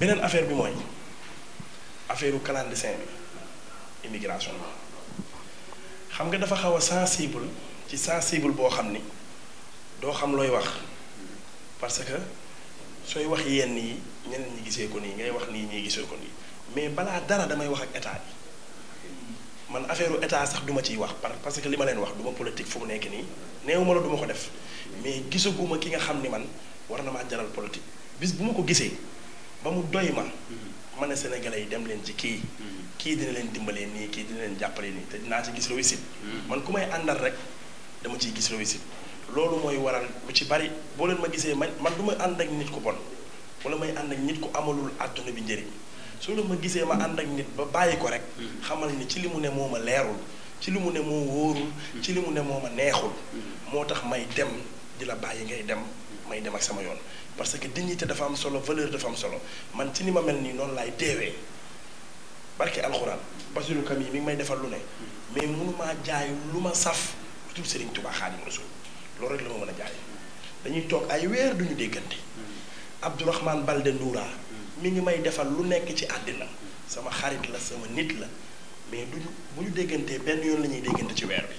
beneen affaire bi mooy affaire u clandestin bi immigration bi xam nga dafa xaw a sensible ci sensible boo xam ni doo xam looy wax parce que sooy wax yenn yi ñeneen ñi gisee ko nii ngay wax nii ñuy gisee ko nii mais balaa dara damay wax ak état bi man affaire état sax duma ciy wax par parce que li ma leen wax duma politique fu mu nekk nii néew ma la duma ko def mais gisaguma ki nga xam ni man war na maa jaral politique bis bu ma ko gisee ba mu doy ma mm-hmm. ma ne sénégalais yi dem leen ci kii mm-hmm. kii dina leen dimbalee nii kii dina leen jàppale nii te dinaa ci gis réussite mm-hmm. man ku may àndal rek dama ciy gis réussite loolu mooy waral lu ci bari boo leen ma gisee man man du ma ànd ak nit ku bon wala may ànd ak nit ku amalul àdduna bi njëriñ su la ma gisee ma ànd ak nit ba bàyyi ko rek xamal ni ci li mu ne moom a leerul ci li mu ne moo wóorul ci li mu ne moom a neexul moo tax may dem di la bàyyi ngay dem may dem ak sama yoon parce que dignité dafa am solo valeur dafa am solo man ci ni ma mel nii noonu laay deewee barke alxuraan Basiru Kam yi mi ngi may defal lu ne mais mënumaa jaay lu ma saf tuub Serigne Touba Xaadimu Rasuul loolu rek la mën a jaay dañuy toog ay weer duñu déggante Abdourahmane Balde Ndoura mi ngi may defal lu nekk ci àddina sama xarit la sama nit la mais duñu bu ñu déggantee benn yoon la ñuy déggante ci weer bi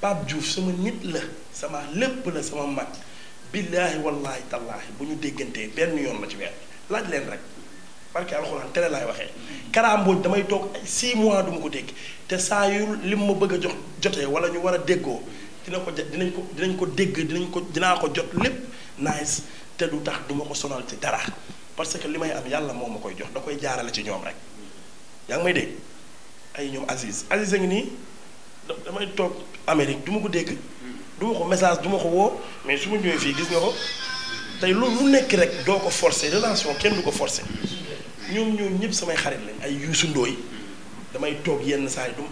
Pape Diouf sama nit la sama lépp la sama mag billaahi wallaahi tallaahi bu ñu déggantee benn yoon la ci weer laaj leen rek barke alxuraan tere laay waxee karaambooj damay toog ay 6 mois duma ko dégg te saa yu lim ma bëgg a jox jotee wala ñu war a déggoo dina ko jot dinañ ko dinañ ko dégg dinañ ko dinaa ko jot lépp nice te du tax duma ko sonal ci dara parce que li may am yàlla moo ma koy jox da koy jaarale ci ñoom rek yaa ngi may dégg ay ñoom Aziz Aziz a ngi nii damay toog Amérique du ma ko dégg du ko message du ma ko woo mais su ma ñëwee fii gis nga ko tey loolu lu nekk rek doo ko forcer relation kenn du ko forcer ñoom ñoom ñëpp samay xarit lañ ay Youssou Ndoye damay toog yenn saa yi du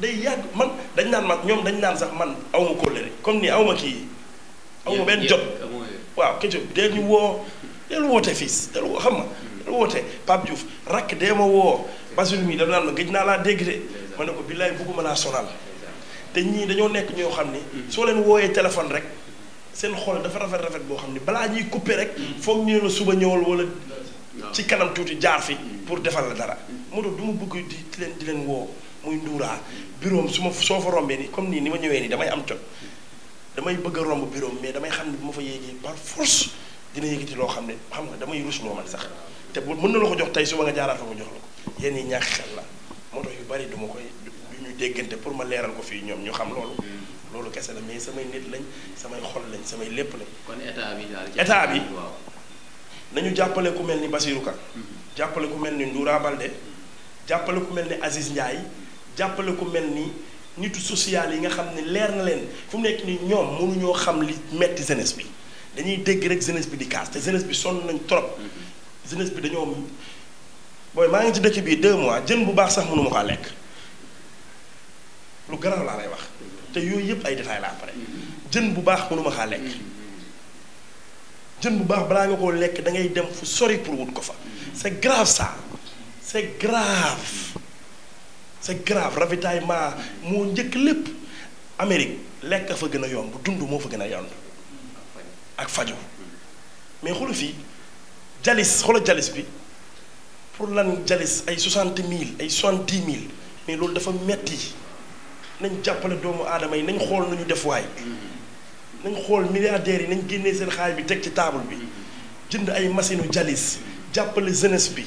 day yàgg man dañ naan mag ñoom dañ naan sax man aw ma kóllëre comme nii aw ma kii aw ma benn jot waaw këcc dee ñu woo dee lu woote fils de lu xam nga dee lu woote Pape Diouf rakk dee ma woo Basile mi daf naan ma gëj naa laa dégg de ma ne ko billaay bëgguma laa sonal te ñii dañoo nekk ñoo xam ni. Mm. soo leen wooyee téléphone rek seen xol dafa rafet rafet boo xam ni balaa ñuy couper rek. Mm. foog ñu ne suba ñëwal wala. ci kanam tuuti jaar fi. Mm. pour defal la dara. moo tax du ma bëgg di leen di leen woo muy nduuraa bureau su ma soo fa ni comme nii ni ma ñëwee nii damay am jot. damay bëgg a romb bureau mais damay xam bu ma fa yéegee par force dina yëkkati loo xam ne xam nga damay rus loo man sax te bu mën na la ko jox tey suba nga jaaraat fa mu jox la ko yéen ñi ñàkk xel la moo tax yu bari du ma koy. déggante pour ma leeral ko fii ñoom ñu xam loolu. Mm. loolu kese la mais samay nit lañ samay xol lañ samay lépp lañ. kon état bi daal état bi nañu jàppale ku mel ni Basirou Ka. Mm-hmm. jàppale ku mel ni Ndoura de jàppale ku mel ni Aziz Ndiaye. jàppale ku mel ni nitu social yi nga xam ne leer na leen fu nekk nii ñoom mënuñoo xam li metti jeunesse bi dañuy dégg rek jeunesse bi di kaas te jeunesse bi sonn nañ trop. Mm-hmm. jeunesse bi dañoo booy maa ngi ci dëkk bii deux mois jën bu baax sax mënu ma kaa lu garaaw laa lay wax te yooyu yëpp ay détails la après jën bu baax mënuma xaa lekk jën bu baax balaa nga koo lekk da ngay dem fu sori pour wut ko fa c'est grave sa c'est grave c'est grave ravitaillement moo njëkk lépp Amérique lekk fa gën a yomb dund moo fa gën a yomb ak fajo mais xoolal fii jalis xoolal jalis bi pour lan jalis ay soixante mille ay soixante dix mille mais loolu dafa metti nañ jàppale doomu aadama yi nañ xool nu ñu def waay nañ xool milliardaires yi nañ génnee seen xaalis bi teg ci table bi jënd ay machine u jalis jàppale jeunesse bi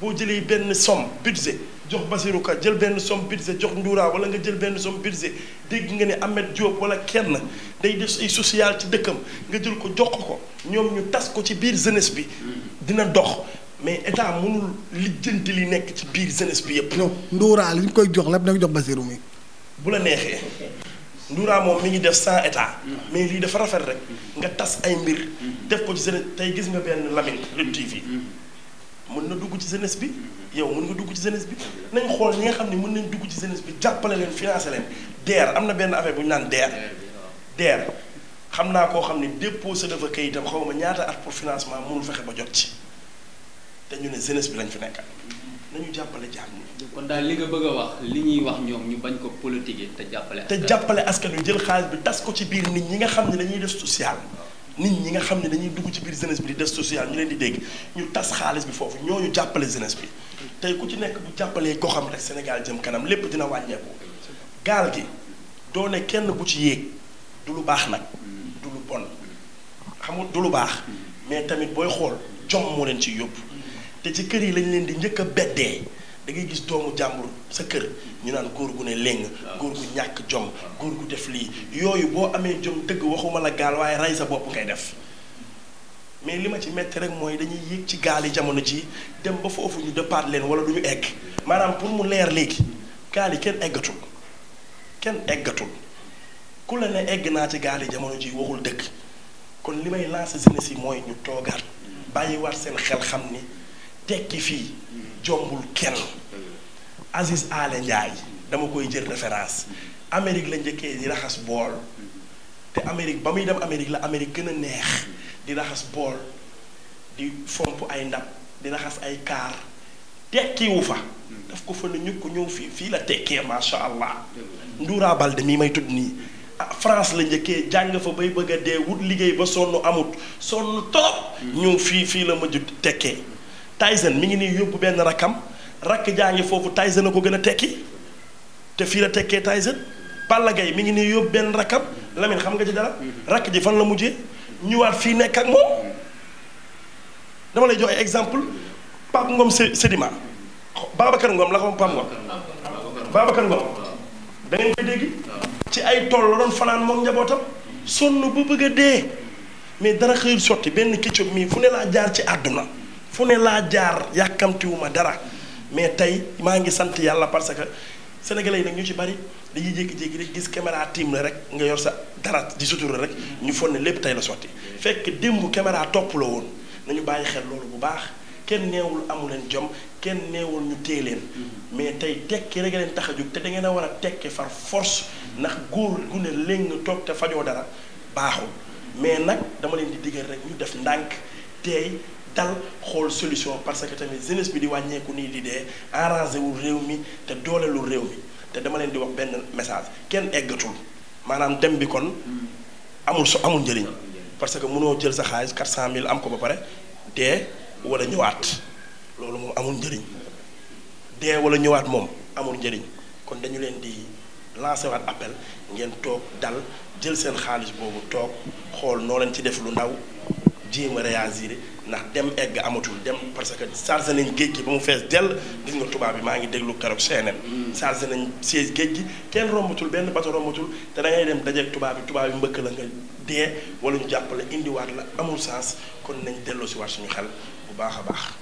boo jëlee benn somme budget jox Basirou Ka jël benn somme budget jox Ndoura wala nga jël benn somme budget dégg nga ne Ahmed Diop wala kenn day def ay social ci dëkkam nga jël ko jox ko ñoom ñu tas ko ci biir jeunesse bi dina dox mais état mënul lijjanti li nekk ci biir jeunesse bi yépp Ndoura li ñu koy jox lépp na jox Basirou mi bu la neexee Ndoura moom mi ngi def sans état mais lii dafa rafet rek nga tas ay mbir def ko ci jeunesse tey gis nga benn Lamine Lutte TV mën na dugg ci jeunesse bi yow mën nga dugg ci jeunesse bi nañ xool ñi nga xam ne mën nañ dugg ci jeunesse bi jàppale leen financé leen DER am na benn affaire bu ñu naan DER DER xam naa koo xam ne déposé dafa kayitam xaw ma ñaata at pour financement munul fexe ba jot ci te ñu ne jeunesse bi lañ fi nekkal nañu jàppale jaam ñi. kon daal li nga bëgg a wax li ñuy wax ñoom ñu bañ ko politiquer te jàppale. te jàppale askan wi jël xaalis bi tas ko ci biir nit ñi nga xam ne dañuy des social. nit ñi nga xam ne dañuy dugg ci biir jeunesse bi di def social ñu leen di dégg ñu tas xaalis bi foofu ñooñu jàppale jeunesse bi tey ku ci nekk bu jàppalee xam rek Sénégal jëm kanam lépp dina wàññeeku. gaal gi doone kenn ku ci yéeg du lu baax nag du lu bon xamul du lu baax mais tamit booy xool jom moo leen ci yóbbu. te ci kër yi lañ leen di njëkk a beddee dangay gis doomu jàmbur sa kër ñu naan góor gu ne léng góor gu ñàkk jom góor gu def lii yooyu boo amee jom dëgg waxuma la gaal waaye rey sa bopp ngay def mais li ma ci metti rek mooy dañuy yéeg ci gaal yi jamono ji dem ba foofu ñu départ leen wala du ñu egg maanaam pour mu leer léegi gaal yi kenn eggatul kenn eggatul ku la ne egg naa ci gaali jamono ji waxul dëkk kon li may lancer jeunesse yi mooy ñu toogaat bàyyiwaat seen xel ni tekki fii jombul kenn Aziz Aale Ndiaye dama koy jël référence Amérique la njëkkee di raxas bool te Amérique ba muy dem Amérique la Amérique gën a neex di raxas bool di fomp ay ndab di raxas ay kaar tekkiwu fa daf ko fa ne ñu ko ñëw fii fii la tekkee macha allah Ndoura Balde may tudd nii ah, France la njëkkee jàng fa bay bëgg a dee wut liggéey ba sonn amut sonn trop ñëw fii fii la mujj tekkee Tyson mi ngi nii yóbbu benn rakkam rakk jaa ngi foofu Tyson a ko gën a tekki te fii la tekkee Tyson Balla Gaye mi ngi nii yóbbu benn rakkam Lamine xam nga ci dara rakk ji fan la mujjee ñëwaat fii nekk ak moom dama lay joxe exemple Pape ngoom Sedima Babacar Ngom ngoom ko Pape koy dégg ci ay tool la doon fanaan moom njabootam sonn bu bëgg a dee mais dara xëyul sotti benn kéccub mii fu ne laa jaar ci àdduna fu ne laa jaar yàkkamtiwuma dara mais tey maa ngi sant yàlla parce que sénégalais yi nag ñu ci bari dañuy jékki-jékki rek gis caméra tiim la rek nga yor sa dara di sutura rek ñu fonne lépp tey la sotti fekk démb caméra topp la woon ñu bàyyi xel loolu bu baax kenn neewul amu leen jom kenn neewul ñu téye leen mais tey tekki rek leen tax a jóg te da ngeen a war a tekki far force ndax góor gu ne léegi toog te fajoo dara baaxul mais nag dama leen di rek ñu def ndànk tey dal xool solution parce que tamit jeunesse bi di wàññeeku nii di dee arrangé wu réew mi te dooleelu réew mi te dama leen di wax benn message kenn eggatul maanaam dem bi kon amul so amul njëriñ parce que munoo jël sa xaalis 400000 am ko ba pare dee wala ñëwaat loolu moom amul njëriñ dee wala ñëwaat moom amul njëriñ kon dañu leen di lancer waat appel ngeen toog dal jël seen xaalis boobu toog xool noo leen ci def lu ndaw jéem a réagir ndax dem egg amatul dem parce que chargé nañ géej gi ba mu fees dell gis nga tubaab bi maa ngi déglu keroog CNN. Mm. chargé nañ siège géej gi kenn rombatul benn bato rombatul te da dem dajeeg tubaab bi tubaab bi mbëkk la nga dee wala ñu jàppale indiwaat la amul sens kon nañ delloo si waat suñu xel bu baax a baax.